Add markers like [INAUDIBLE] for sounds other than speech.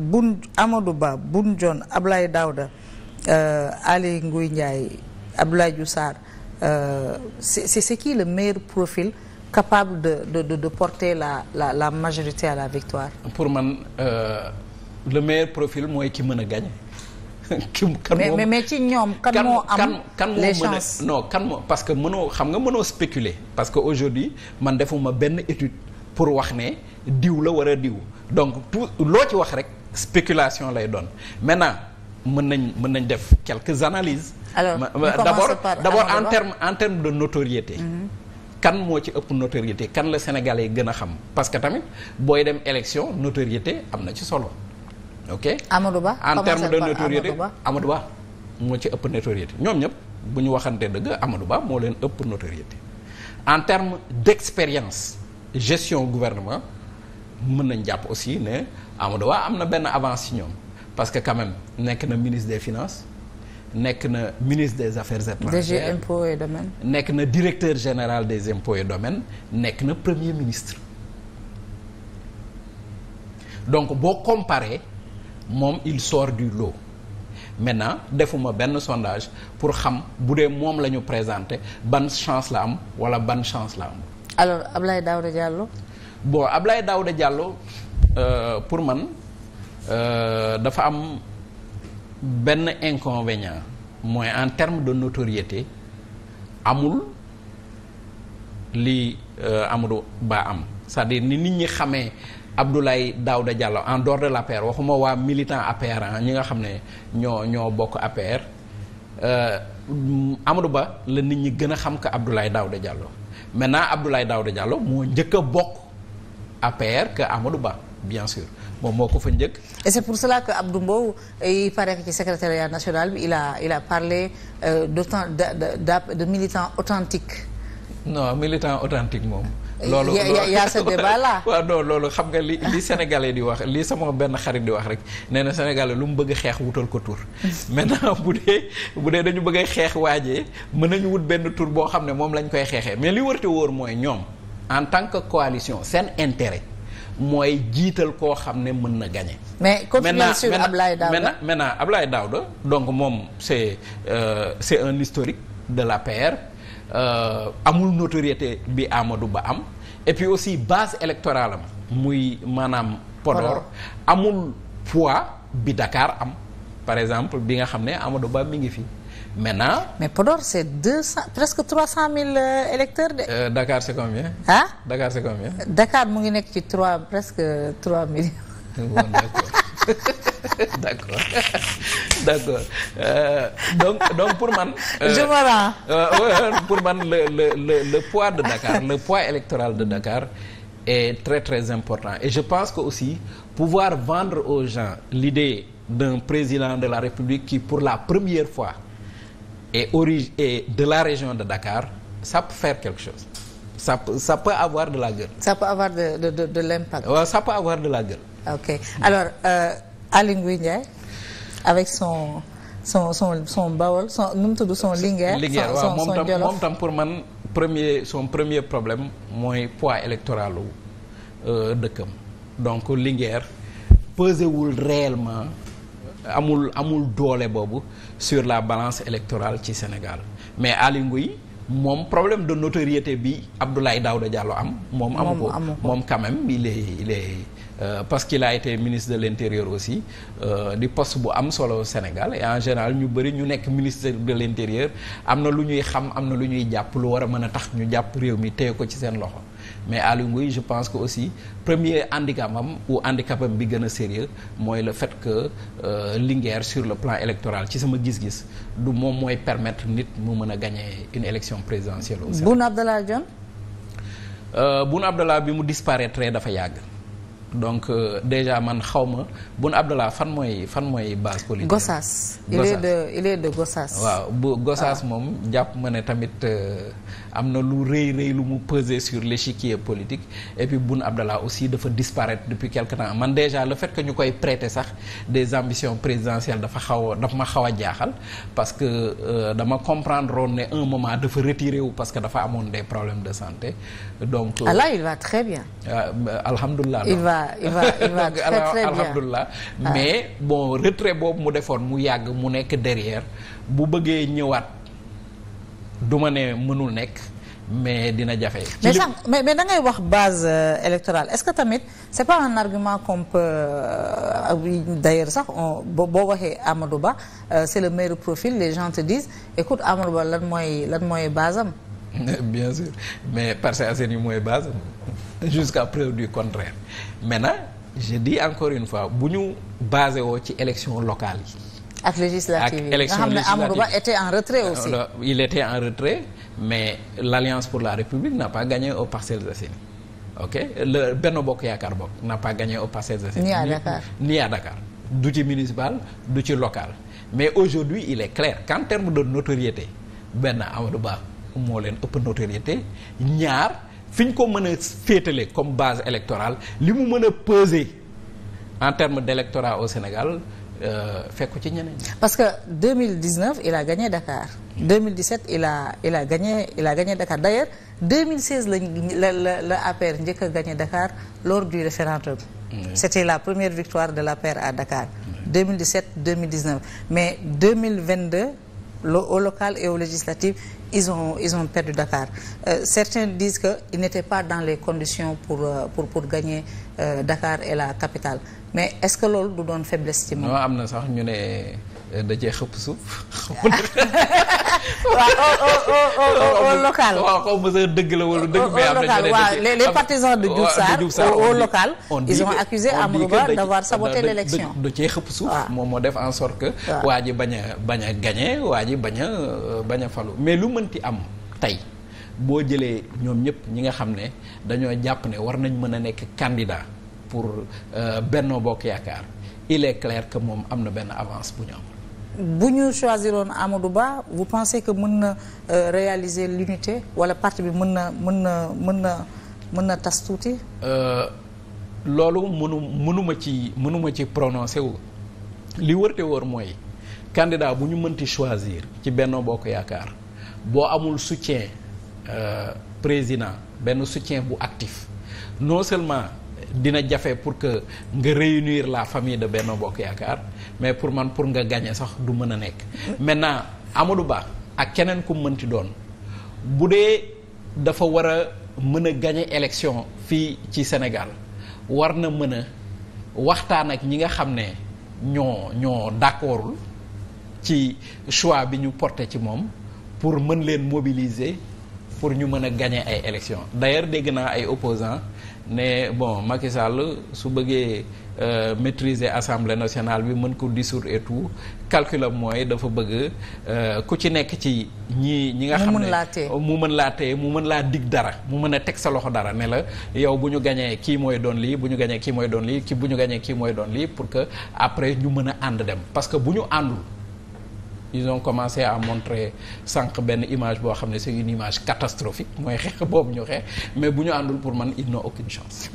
Boun Amadou Ba Boun Dionne Ablaye daaw euh, Ali Ngouille Ndiaye Abdoulaye Diouf Sarr euh, c'est c'est qui le meilleur profil capable de de de, de porter la la la majorité à la victoire. pour man euh, le meilleur profile mooy ki mën a gagner. [LAUGHS] ki kan moo mais mais ci ñoom. kan moo am kan les chances non kan moo parce que mënoo xam nga mënoo spéculer parce que aujourd'hui man defuma benn étude pour wax ne diw la war a diw donc tout loo ci wax rek. spéculation lay doon maintenant mën nañ mën nañ def quelque analyse alors d'abord d'abord en terme en terme de notoriété. Mhm. kan moo ci ëpp notoriété kan la sénégal yi gën a xam parce que tamit booy dem élection notoriété am na ci solo ok. Amadou Ba en terme de notoriété Amadou Ba moo ci ëpp notoriété ñoom ñëpp bu ñu waxante dëgg Amadou Ba moo leen ëpp notoriété en terme d'expérience gestion gouvernement. mën nañ jàpp aussi ne Amadou waa am na benn avance ci ñoom parce que quand même nekk na ministre des finances nekk na ministre des affaires étrangères DG impôts et domaines nekk na directeur général des impôts et domaines nekk na premier ministre donc boo comparé moom il sort du lot maintenant defuma benn sondage pour xam bu dee moom la ñu présenté ban chance la am wala ban chance la am alors Abdoulaye Daouda Diallo bon Abdoulaye Daouda Diallo euh, pour man euh, dafa am benn inconvénient mooy en terme de notoriété amul li euh, Amadou am cest à ni nit ñi xamee Abdoulaye Daouda Diallo en dehors de l'APR waxuma waa militant APR ah, ñi nga xam ne ñoo ñoo bokk APR euh, Amadou Ba la nit ñi gën a xam que Abdoulaye Daouda Diallo maintenant Abdoulaye Daouda Diallo moo njëkk a bokk. APR que Amadou Ba bien sûr moom moo ko fa njëkk. et c'est pour cela que Abdou Mbow il paraît que ci secrétariat national bi il a il a parlé euh, d'autant de, de, de militants authentiques non militant authentique moom. loolu yaa ce débat là. [LAUGHS] waaw non loolu xam nga li li sénégalais di wax li sama benn xarit di wax rek nee na sénégalais lu mu bëgg xeex wutal ko tur. [LAUGHS] maintenant bu dee bu dee dañu bëgg xeex waajee mën nañu wut benn tur boo xam ne moom lañ koy xeexee mais li wërte wóor mooy ñoom. en tant que coalition seen intéret mooy jiital koo xam ne mën na gagner. mais continuez sur Ablaye Daouda maintenant maintenant Ablaye donc moom c'est euh, c'est un historique de la l'APR euh, amul notoriété bi Amadou Ba am et puis aussi base électorale am muy maanaam. Podor amul poids bi Dakar am par exemple bi nga xam ne Amadou Ba mi ngi fi. maintenant. mais Podor c'est deux cent presque trois cent mille euh, électeurs de. Euh, Dakar c'est combien. Dakar c'est combien. mu ngi nekk ci trois presque trois millions. bon d'accord [LAUGHS] d'accord [LAUGHS] d'accord euh, donc donc pour ban Euh, je me euh, pour man le le le le poids de Dakar le poids électoral de Dakar est très très important et je pense que aussi pouvoir vendre aux gens l'idée d'un président de la République qui pour la première fois. et origine et de la région de Dakar sa peut faire quelque chose ça peut avoir de la gueule. ça peut avoir de l'impact. Ouais, ça avoir de la gueule. ok alors euh, Aly avec son son son son Bawol son nu mu tam pour man premier son premier problème mooy poids électoralu euh, dëkkam donc Linguère pesewul réellement. amul amul doole boobu sur la balance électorale ci Sénégal mais Aly Ngouille moom problème de notoriété bi Abdoulaye Daouda Diallo am moom amu ko moom quand même il est il est euh, parce qu'il a été ministre de l'intérieur aussi euh, di post bu am solo Sénégal en général ñu bëri ñu nekk ministre de l'intérieur am na lu ñuy xam am na lu ñuy jàpp lu war a mën a tax ñu jàpp réew mi téye ko ci seen loxo mais Aliou Ngouye je pense que aussi premier handicap ou handicapam bi gën a sérieux mooy le fait que euh, Linguère sur le plan électoral ci sama gis-gis du moom mooy permettre nit mu mën a gagner une élection présidentielle au Sénégal Boun Abdallah Dionne euh, Boun Abdallah bi mu disparaître dafa yàgg donc euh, déjà man xawma Boun Abdallah fan mooy fan mooy base politique. Gossas il est de il est de waaw bu ah. moom jàpp ma ne tamit euh, am na lu rëy rëy lu mu peser sur l'échiquier politique et puis Boun Abdallah aussi dafa disparaître depuis quelque temps man déjà le fait que ñu koy prêter sax des ambitions présidentielles dafa xaw a dafa ma xaw a jaaxal parce que euh, dama comprendre woon ne un moment dafa retiré wu parce que dafa amoon des problèmes de santé donc. Euh, ah il va très bien. Euh, alhamdulilah. va il va il va très bien alhamdulilah ah. mais bon retrait boobu mu defoon mu yàgg mu nekk derrière bu bëggee ñëwaat du ma ne mënul nekk mais dina jafe. mais sax mais ngay wax base euh, électorale est-ce que tamit c'est pas un argument qu'on peut euh, d'ailleurs sax boo boo waxee Amadou Ba euh, c'est le meilleur profil les gens te disent écoute Amadou Ba lan mooy lan mooy base am. [LAUGHS] bien sûr mais Parcelles mooy base [LAUGHS] jusqu'à preuve du contraire maintenant je dis encore une fois bu ñu basé woo ci élection locale yi. ak législative yi nga xam ne Amadou Ba était en retrait aussi. il était en retrait mais l'Alliance pour la République n'a pas gagné aux Parcelles Assainies ok le Benno Bokk Yaakaar bokk n'a pas gagné aux Parcelles Assainies. ni Dakar ni Dakar du ci municipal du ci local mais aujourd'hui il est clair qu'en termes de notoriété benn Amadou Ba moo leen ëpp notoriété ñaar. fi ñu ko mën a féetale comme base électorale li mu mën a peser en termes d'électorat au Sénégal euh, fekk ci ñeneen. parce que 2019 il a gagné Dakar. 2017 il a il a gagné a gagné Dakar d'ailleurs 2016 la la la APR njëkk a gagné Dakar lors du référendum. c'était la première victoire de l'APR à Dakar. 2017 2019 mais 2022. au local et aux législatives ils ont ils ont perdu Dakar euh, certains disent que ils n'étaient pas dans les conditions pour euh, pour pour gagner euh, Dakar et la capitale mais est-ce que loolu du doon faiblesse ci moom. non am na sax ñu ne da cee xëpp suuf. waaw au local. waaw xaw ma sa dëgg la wala dëgg. mais am na local waaw les les partisans de Diouf xëpp suuf. moom moo def en sorte que. waa ji bañ a bañ a gagné waa ji baña a euh, bañ a falu mais lu mënti am tey. boo jëlee ñoom ñëpp ñi nga xam ne dañoo jàpp ne war nañ mën a nekk candidat pour euh, Benno Bokk Yaakaar il est clair que moom am na benn avance bu ñu bu ñu choisiroon Amadou baax vous pensez que mën na euh, réaliser l'unité wala parti bi mën na mën na mën na mën na tas tuuti. Euh, loolu mënu mënuma ci mënuma ci prononcé wu li wërte wóor mooy candidat bu ñu mënti choisir ci Benno Bokk Yaakaar boo amul soutien euh, président benn soutien bu actif non seulement. dina jafe pour que nga réunir la famille de benn Bokk Yaakaar mais pour man pour nga gagner sax du mën a nekk. maintenant Amadou Ba ak keneen ku mënti doon bu dee dafa war a mën a gagner élection fii ci Sénégal war na mën a waxtaan ak ñi nga xam ne ñoo ñoo d'accordul ci choix bi ñu porté ci moom pour mën leen mobiliser. pour ñu mën a gagner ay élections d'ailleurs dégg naa ay opposants ne bon Macky Sall su bëggee euh, maîtriser assemblée nationale bi mën ko dissoudre et tout calculam mooy dafa bëgg euh, ku ci nekk ci ñi ñi nga xam ne mu mën laa téye mu mën laa dig dara mu mën a teg sa loxo dara ne la yow bu ñu gañee kii mooy doon lii bu ñu gañee kii mooy doon lii ki bu ñu gañee kii mooy doon lii pour que après ñu mën a ànd dem parce que bu ñu àndul ils ont commencé à montrer sànq benn image boo xam ne c'est une image catastrophique mooy xeex boobu ñu xeex mais bu ñu àndul pour man ils n'ont aucune chance.